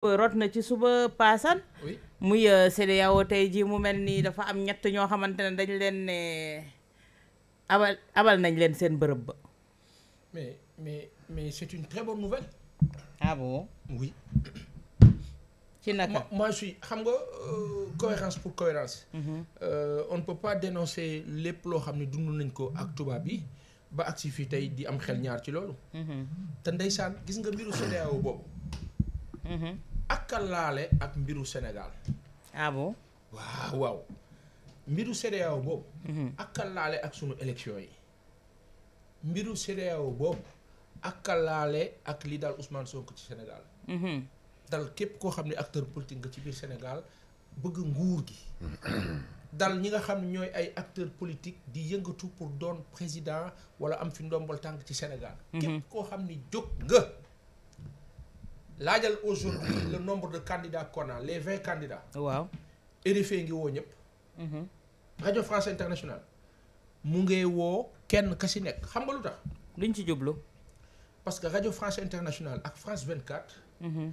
rot na ci suba paasan muy euh, CEDEAO tey jii mu mel nii dafa am ñett ñoo xamante ne dañ leen ne abal abal nañ leen seen bërëb ba mais mais mais c'est une ah ci naka moi je xam nga euh, cohérence pour cohérence mhm. euh, on ne pas dénoncer lépp loo xam ne dund nañ ko ak tubaab yi ba agsi fii tey di am xel ñaar ci loolu mhm. te ndeysaan gis nga mbiru CEDEAO boobu mhm. ak ak mbiru Sénégal. ah mbiru CEDEAO boobu. Mhm. ak ak sunu élection yi. mbiru CEDEAO boobu ak ak li daal Ousmane Sonko ci Sénégal. Mhm. dal képp koo xam ne acteur politique nga ci biir Sénégal bëgg nguur gi. dal ñi nga xam ne ñooy ay acteur politique di yëngatu pour doon président wala am fi ndombal tànk ci Sénégal. Mhm. képp koo xam ne jóg nga. laajal aujourd'hui le nombre de candidats qu'on a les vingt candidats. waaw RFI ngi woo ñëpp. Mhm. rajo France Internationale mu ngi woo kenn ka si nekk xam nga lu tax. luñ ci jublu. parce que rajo France Internationale ak France 24. Mhm.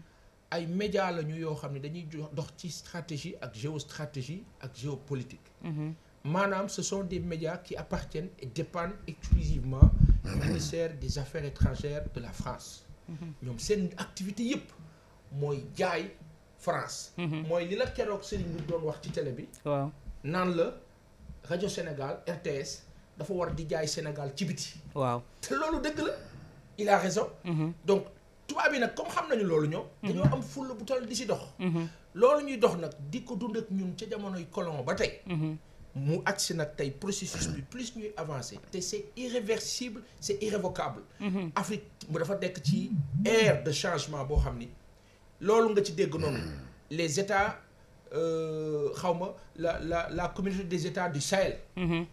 ay médias la ñu yoo xam ne dañuy dox ci stratégie ak géostratégie ak géopolitique. Mhm. maanaam ce sont des médias qui appartiennent et dépendent exclusivement du ministère des affaires étrangères de la France. ñoom seen activité yëpp mooy jaay France. Mhm. mooy li la keroog Serigne bi doon wax ci télé bi. waaw naan la rajo Sénégal RTS dafa war di jaay Sénégal ci biti. waaw te loolu dëgg la il a raison. Mhm. donc tubaab yi nag comme xam nañu loolu ñoom. Mhm. dañoo am fulla bu toll di si dox. loolu ñuy dox nag di ko dund ak ñun ca jamonoy colon ba tey. mu agsi nag tey processus bi plus ñuy avancé te c'est irréversible c'est irrévocable mhm. Afrique mu dafa nekk ci ère de changement boo xam ni loolu nga ci dégg noonu les états euh, xawma la la la communauté des états du Sahel mm -hmm.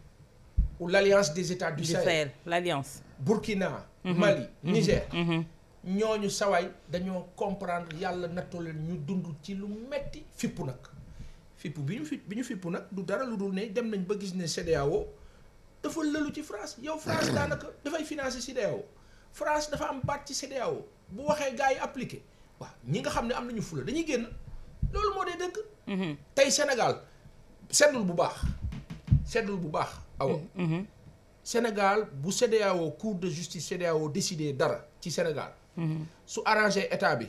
ou l'alliance des états du, du Sahel, Sahel l'alliance Burkina mhm. Mali mhm. Niger ñooñu sawaay dañoo comprendre yàlla nattoo leen ñu dund ci lu metti fippu nag fippu bi ñu fi bi ñu fippu nag du dara lu dul ne dem nañ ba gis ne CEDEAO dafa lëlu ci France yow France daanaka dafay financer CEDEAO France dafa am baat ci CEDEAO bu waxee gars yi appliqué ñi nga xam ne am nañu fula dañuy génn loolu moo dee dëkk mm-hmm. tey Sénégal seddul bu baax seddul bu baax. aw mm-hmm. Sénégal bu CEDEAO cour de justice CEDEAO décidé dara ci Sénégal. Mm-hmm. su arrangé état bi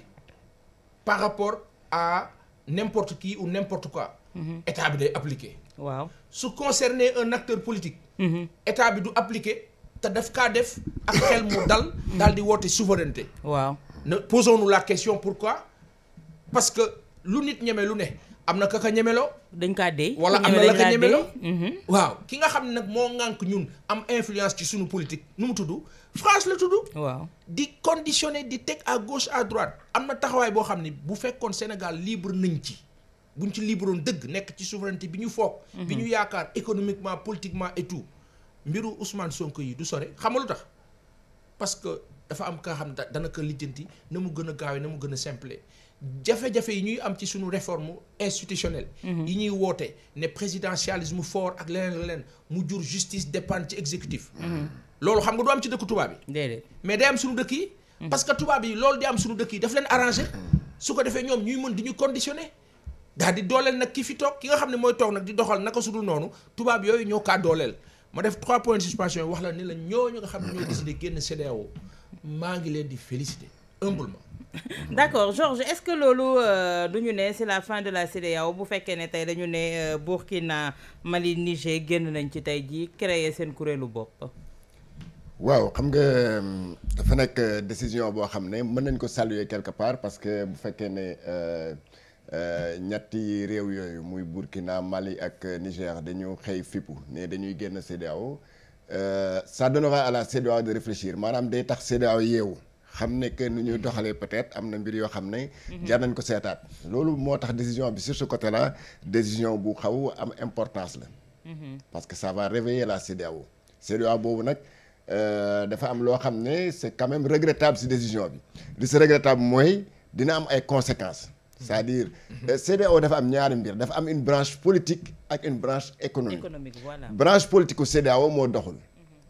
par rapport à n'importe qui ou n'importe quoi. Mm-hmm. état bi day appliqué. waaw su concerner un acteur politique. Mm-hmm. état bi du appliqué te daf kaa def ak xel mu dal. daal di woote souveraineté. waaw ne posons-nous la question pourquoi parce que lu nit ñeme lu ne am na kaka ñemeloo. dañ kaa dee wala am na la ka ñemeloo. Mm-hmm. waaw ki nga xam ne nag moo ngànk ñun am influence ci suñu politique nu mu tudd France la tudd. waaw di conditionner di teg à gauche à droite am na taxawaay boo xam ne bu fekkoon Sénégal libre nañ ci. buñ ci libéroon dëgg nekk ci souveraineté bi ñu foog. bi mhm. ñu yaakaar économiquement politiquement et tout mbiru Ousmane sonk yi du sore xam nga lu tax parce que dafa am kaa xam ne dana ko lijjanti na mu gën a gaawee na mu gën a simple jafe-jafe yi ñuy am ci suñu réforme institutionnelle. Mhm. yi ñuy woote ne présidentialisme fort ak leneen leneen mu jur justice dépendre ci exécutif. Mhm. loolu xam nga du am ci dëkk tubaab yi. déedéet mais day am suñu dëkk yi. parce que tubaab yi loolu di am suñu dëkk yi daf leen arrangé. su ko defee ñoom ñuy mën di ñu conditionné. daal di dooleel nag ki fi toog ki nga xam ne mooy toog nag di doxal naka sudul noonu tubaab yooyu ñoo kaa dooleel ma def trois points de suspension wax la ni la ñooñu nga xam ne ñoo décidé génn CEDEAO maa ngi leen di féliciter humblement d'accord Georges est-ce que loolu euh, du ñu ne c'est la fin de la CEDEAO bu fekkee ne tey dañu ne euh, Burkina Mali Niger génn nañ ci tey jii créer seen kuréelu bopp waaw xam nga euh, dafa nekk décision boo xam ne mën nañ ko saluer quelque part parce que bu fekkee ne Euh, ñetti réew yooyu muy Burkina Mali ak Niger dañu xëy fippu ne dañuy génn CEDEAO euh, ça donnera à la CEDEAO de réfléchir maanaam day tax CEDEAO yeewu xam ne que nu ñuy doxalee peut-être am na mbir yoo xam ne. Mhm. jar nañ ko seetaat. loolu moo tax décision bi sur ce côté-là décision bu xaw am importance la. Mhm. parce que ça va réveiller la CEDEAO. CEDEAO boobu nag euh, dafa am loo xam ne c'est quand même regrettable si décision bi li ci regrettable mooy dina am ay conséquences. c'est-à-dire euh, CEDEAO dafa am ñaari mbir dafa am une branche politique ak une branche économique économique voilà branche politique u CEDEAO moo doxul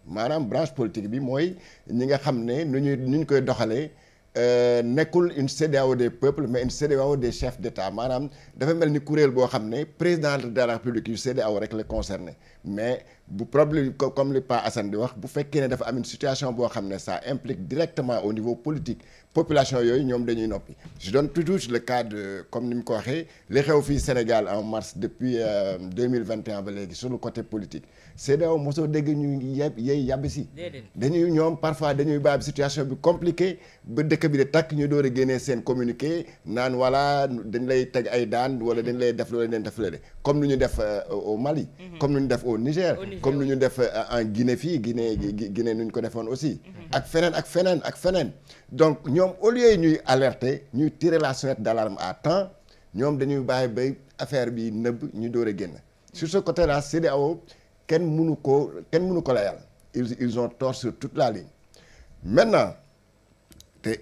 maanaam branche politique bi mooy ñi nga xam ne nu ñuy nu ñu koy doxalee euh, nekkul une CEDEAO des peuples mais une CEDEAO des chefs d'État maanaam dafa mel ni kuréel boo xam ne président de la République yu CEDEAO rek la concerné mais bu problème comme li Pa Assane di wax bu fekkee ne dafa am une situation boo xam ne ça implique directement au niveau politique population yooyu ñoom dañuy noppi je donne toujours le cas comme ni mu ko waxee li xew fii Sénégal en mars depuis euh, deux mille vingt et ba léegi sur le côté politique CEDEAO mosoo dégg ñu yeb yey yàbb si dañuy ñoom parfois dañuy bàyyi situation bi compliquée ba dëkk bi de tàkk ñu door a génnee seen communiqué naan voilà dañ lay teg ay daan wala dañ lay def loola leen def la de comme nu ñu def euh, au Mali mhm. comme nu ñu def au Niger comme nu ñu def euh, en Guinée fii Guinée Guinée nu ñu ko defoon aussi mhm. ak feneen ak feneen ak feneen donc ñoom au lieu ñuy alerte ñuy tirer la sonnette d'alarme à temps ñoom dañuy bàyyi ba affaire bi nëbb ñu door a génn sur ce côté là CEDEAO kenn munu ko kenn mënu ko layal ils ils ont tort sur toute la ligne maintenant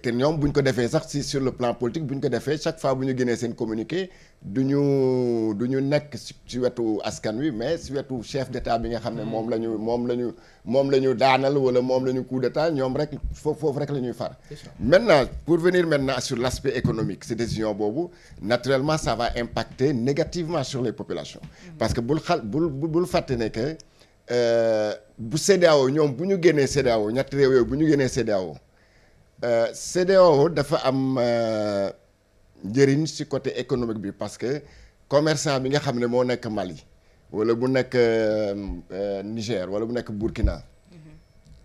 te ñoom bu ñu ko defee sax si sur le plan politique bu ñu ko defee chaque fois bu ñu génnee seen communiqué du ñu du ñu nekk si wetu askan wi mais si wetu chef d'état bi nga xam ne moom la ñu moom la ñu moom la ñu daanal wala moom la ñu coup d'état ñoom rek foofu foofu rek la ñuy far maintenant pour venir maintenant sur l'aspect économique ces décisions boobu naturellement ça va impacter négativement sur les populations mm-hmm. parce que bul xal bul bul fàtte ne que euh, bu CEDEAO ñoom bu ñu génnee CEDEAO ñetti réew yooyu bu ñu génnee CEDEAO CEDEAO dafa am euh, njëriñ si côté économique bi parce que commerçant bi nga xam ne moo nekk Mali wala bu nekk euh, euh, Niger wala bu nekk Burkina mm-hmm.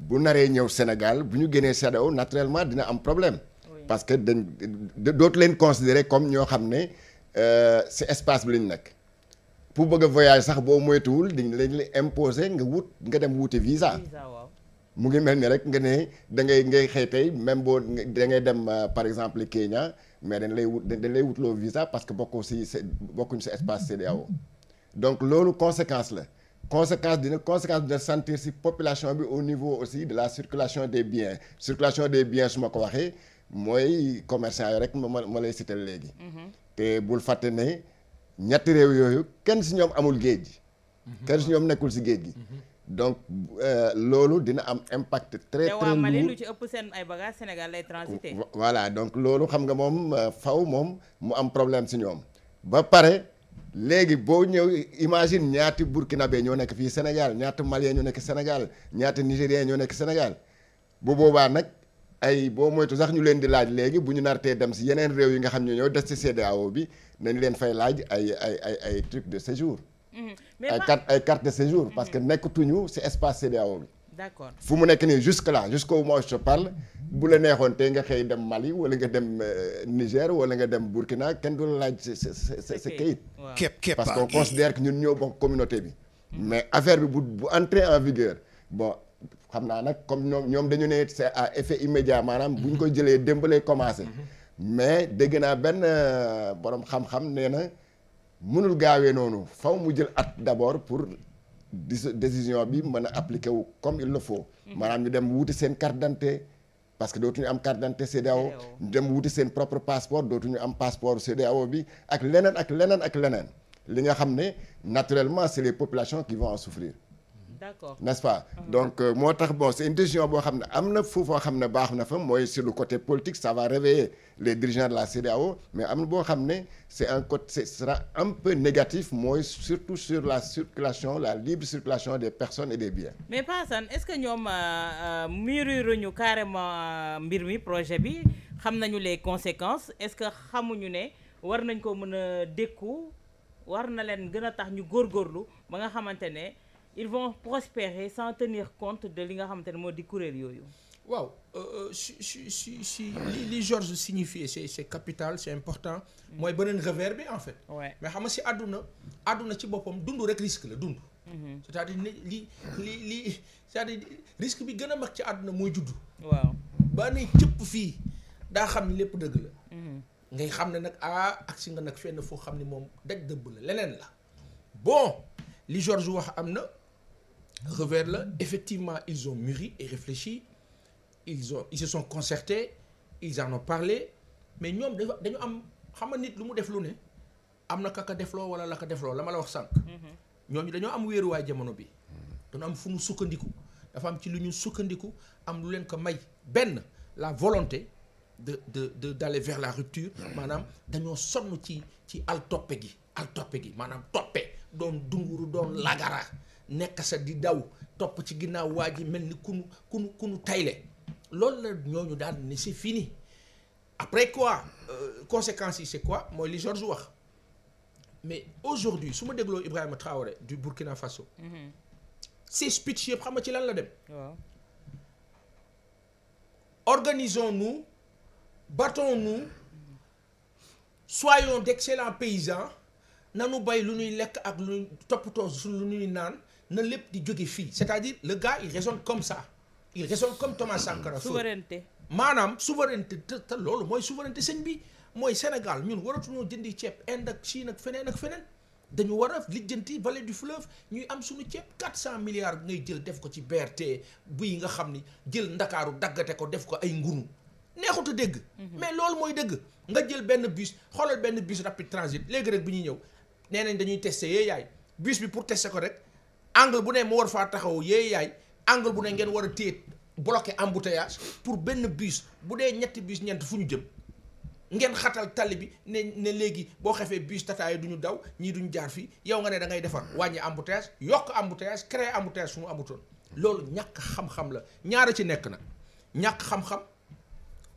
bu naree ñëw Sénégal bu ñu génnee CEDEAO naturellement dina am problème parce que dañ dootu leen considérer comme ñoo xam ne ci espace bi lañ nekk pour bëgg a voyage sax boo moytuwul dañ leen imposer nga wut nga dem wuti visa mu ngi mel ni rek nga ne da ngay xëy tey même boo da ngay dem euh, par exemple Kenya mais dañ lay wut dañ lay wutloo visa parce que bokkoo si bokkuñ si espace CEDEAO donc loolu conséquence la conséquence dina conséquence dina sentir si population bi au niveau aussi de la circulation des bien circulation des bien su ma ko waxee mooy commerçant yi rek ma ma lay cité léegi. Mhm. te bul fàtte ne ñetti réew yooyu kenn si ñoom amul géej gi. Mhm. kenn si ñoom nekkul si géej gi. Mhm. donc euh, loolu dina am impact très très Mali ci ëpp seen ay bagages Sénégal lay transiter voilà donc loolu xam nga moom euh, faw moom mu am problème si ñoom ba pare léegi boo ñëw imagine ñaati burkinabé ñoo nekk fii Sénégal ñaata malien ñoo nekk Sénégal ñaata nigérien ñoo nekk Sénégal bu boobaa nag ay boo moytu sax ñu leen di laaj léegi bu ñu nartee dem si yeneen réew yi nga xam ne ñoo des ci CEDEAO bi nañ leen fay laaj ay ay ay ay truc de séjour Mm-hmm. ay euh, carte ay euh, carte de séjour parce que mm-hmm. nekkatuñu ci espace CEDEAO bi d'accord fu mu nekk nii jusque là jusqu'au moment où je bu la neexoon tey nga xëy dem Mali wala nga dem euh, Niger wala nga dem Burkina kenn du la laaj sa sa sa kayit képp que parce ah, qu'on considère que ñun ñoo bokk communauté bi mm-hmm. mais affaire bi bu bu entrer en vigueur bon xam naa nag comme ñoom ñoom dañu ne sa à effet immédiat maanaam bu ñu ko jëlee démb lay commencer mais dégg naa benn boroom xam-xam nee na mënul gaawee noonu faw mu jël at d'abord pour décision bi mën a appliqué wu comme il le faut mhm. maanaam ñu dem wuti seen carte dante parce que dootuñu am carte d'identité CEDEAO ñu dem wuti seen propre passeport dootuñu am passeport CEDEAO bi ak leneen ak leneen ak leneen li nga xam ne naturellement c'est les populations qui vont en souffrir d'accord n'est-ce pas ah. donc euh, moo tax boo c'est une décision boo xam ne am na fu foo xam ne baax na fa mooy sur lu côté politique ça va réveiller les dirigeants de la CEDEAO mais am na boo xam ne c'est un côté ce sera un peu négatif mooy surtout sur la circulation la libre circulation des personnes et des biens mais Pa Assane est-ce que ñoom euh, euh, muriruñu carrément mbir mi projet bi xam nañu les conséquences est-ce que xamuñu ne war nañ ko mën a dékku war na leen gën a tax ñu góorgóorlu ba nga xamante ne ils vont prospérer sans tenir compte de li nga xamante ne moo di kuréel yooyu. waaw euh, euh, si si si si li li Georges signifie c'est c'est capital c'est important. mooy beneen revers bi en fait. mais xam nga si àdduna àdduna ci boppam dund rek risque la dund. Mhm. c'est-à-dire li li risque bi gën a mag ci àdduna mooy juddu. waaw ba ne cëpp fii daa xam ni lépp dëgg la. Mhm. ngay xam ne nag ah ak si nga nag fenn foo xam ni moom daj dëbb la leneen la bon li Georges wax am na. revers la effectivement ils on muri et réfléchi ils ont ils se sont concertés ils en ont parlé mais ñoom dafa dañu am xam nit lu mu def lu ne am na def loo wala la ka defloo la ma la wax sànq. Mm-hmm. ñooñu dañoo am wéeruwaay jamono bi. dañu am fu ñu sukkandiku dafa am ci lu ñu sukkandiku am lu leen ko may benn la volonté de de de d'aller vers la rupture maanaam dañoo sonn ci ci al toppe gi al toppe gi maanaam toppe doon dunguru doon lagara. nekk sa di daw topp ci ginnaaw waa ji mel ni kunu kunu kunu tayle loolu la ñooñu daan ne c'est fini après quoi euh, conséquences yi c'est quoi mooy li Georges wax mais aujourd'hui su ma dégloo Ibrahima Traoré du Burkina Faso ces mhm. speech yëpp xam ci lan la dem organisons-nous battons-nous soyons d'excellents paysans nanu bay lu ñuy lekk ak lu toppatoo su lu ñuy naan na lépp di jóge fii c'est-à-dire le gars il raisonne comme sa il raisonne comme Thomas Sankara souveraineté maanaam souveraineté te loolu mooy souveraineté sëñ bi mooy Sénégal ñun waratuñoo jëndi ceeb Inde ak Chine ak feneen ak feneen dañu war a lijjanti vallée du fleuve ñuy am suñu ceeb 400 milliards ngay jël def ko ci BRT buy nga xam ni jël ndakaaru daggate ko def ko ay ngunu neexut a dégg mhm. mais loolu mooy dëgg nga jël benn bus xoolal benn bus rapide transit léegi rek ñuy ñëw nee nañ dañuy testé eh yaay bus bi pour tester ko rek angle bu nee mu war faa taxaw yéey yaay angle bu ne ngeen war a téye bloqué embouteillage pour benn bus bu dee ñetti biis ñeent fu ñu jëm ngeen xatal tali bi ne ne léegi boo xefee bus tata du ñu daw ñii du ñu jaar fii yow nga ne dangay ngay defar wàññi embouteillage yokk embouteillage créer embouteillage fu mu amutoon loolu ñàkk xam-xam la a ci nekk na ñàkk xam-xam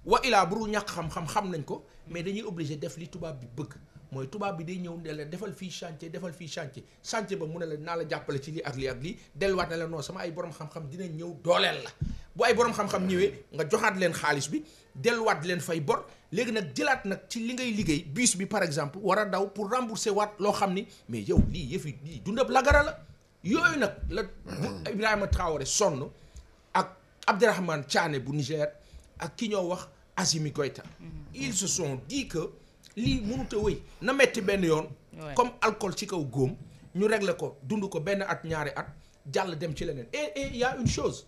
wa ilaa bu dul ñàkk xam-xam xam nañ ko mais dañuy obligé def li tubaab bi bëgg mooy tubaab bi day ñëw ne la defal fii chantier defal fii chantier chantier ba mu ne la naa la jàppale ci lii ak lii ak lii delluwaat ne la non sama ay borom xam-xam dina ñëw dooleel la bu ay boroom xam-xam ñëwee nga joxaat leen xaalis bi delluwaat leen fay bor léegi nag jëlaat nag ci li ngay liggéey bus bi par exemple war a daw pour rembourser waat loo xam ni mais yow lii yëfi lii dundab lagara la yooyu nag la a Traoré sonn ak Abderrahmane Tiani bu Niger ak ki ñoo wax Assimi Goïta mm-hmm. ils lii mënut a wéy na metti benn yoon. comme alcool ci kaw góom. ñu regle ko dund ko benn at ñaari at jàll dem ci leneen et et y a une chose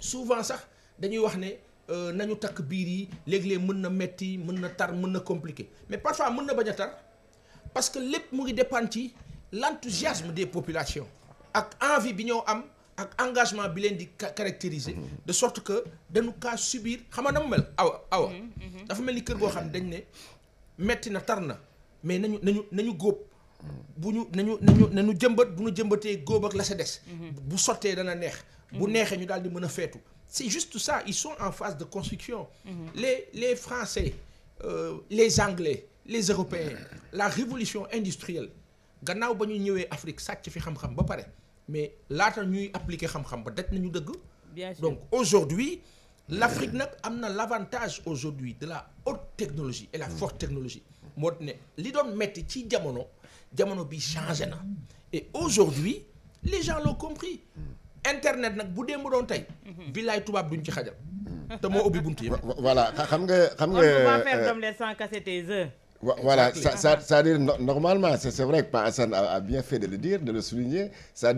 souvent sax dañuy wax ne euh, nañu takk biir yi léegi léeg mën na metti mën na tar mën na compliqué mais parfois mën na bañ a tar parce que lépp mu ngi dépendre ci l'enthousiasme des populations ak envie bi ñoo am ak engagement bi leen di caractériser de sorte que dañu kaa subir xam nga na mu mel awa awa mm-hmm, mm-hmm. dafa mel ni kër goo xam dañ ne metti na tar na mais nañu nañu nañu góob bu ñu nañu nañu nañu jëmbat bu ñu jëmbatee góob ak la sa des mm-hmm. bu sottee dana neex bu mm-hmm. neexee ñu daal di mën a feetu c'est juste ça ils sont en phase de construction mm-hmm. les les français euh, les anglais les européens la révolution industrielle gannaaw ba ñuy ñëwee Afrique sàcc fi xam-xam ba pare mais laata ñuy appliquer xam-xam ba daj nañu dëgg donc aujourd'hui l'Afrique nag am na l'avantage aujourd'hui de la technologie et la mm. forte technologie moo ne li doon metti ci jamono jamono bi changé na et aujourd'hui les gens l'ont compris mm. internet nag bu dee démb doon tey mm-hmm. billaay tubaab duñ ci xajal mm. te moo ubbi bunt yi voilà xam nga xam nga on va faire euh, comme normalement c'est vrai que Pa a bien fait de le dire de le souligner cest